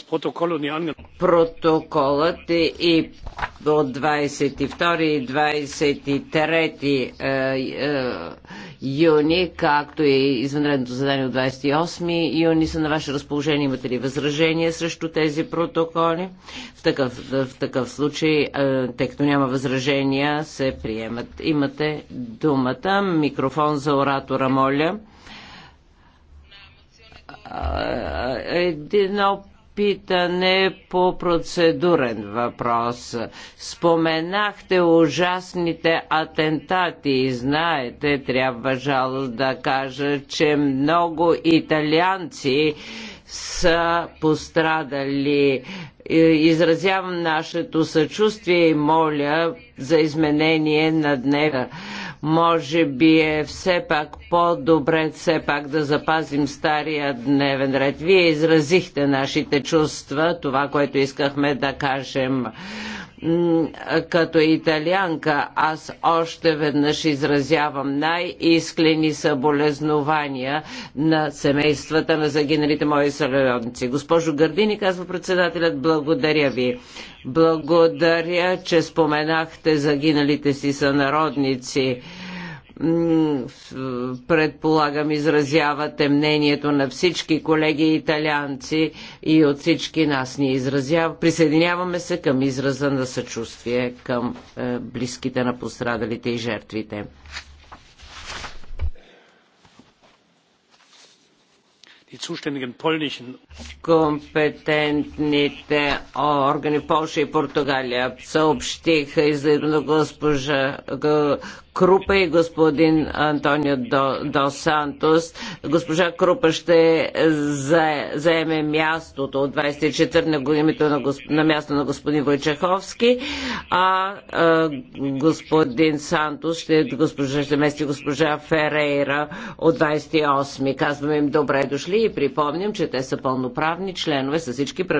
Е Протоколът е и до 22 и 23 е, е, юни, както и извънредното задание от 28 юни са на ваше разположение. Имате ли възражения срещу тези протоколи? В такъв, в такъв случай, е, тъй като няма възражения, се приемат. Имате думата. Микрофон за оратора, моля е, е, едно питане по процедурен въпрос. Споменахте ужасните атентати и знаете, трябва жало да кажа, че много италианци са пострадали. Изразявам нашето съчувствие и моля за изменение на днега може би е все пак по-добре все пак да запазим стария дневен ред. Вие изразихте нашите чувства, това, което искахме да кажем. Като италианка аз още веднъж изразявам най-искрени съболезнования на семействата на загиналите мои сънародници. Госпожо Гърдини, казва председателят, благодаря ви. Благодаря, че споменахте загиналите си сънародници. Предполагам, изразявате мнението на всички колеги италианци и от всички нас ни изразява. Присъединяваме се към израза на съчувствие към е, близките на пострадалите и жертвите. Компетентните органи Польша и Португалия съобщиха излидно госпожа Крупа и господин Антонио До, До Сантос. Госпожа Крупа ще за, заеме мястото от 24 на, името на, на място на господин Войчеховски а, а господин Сантос ще, госпожа, ще мести госпожа Ферейра от 28. Казваме им добре дошли и припомням, че те са пълноправни членове с всички правила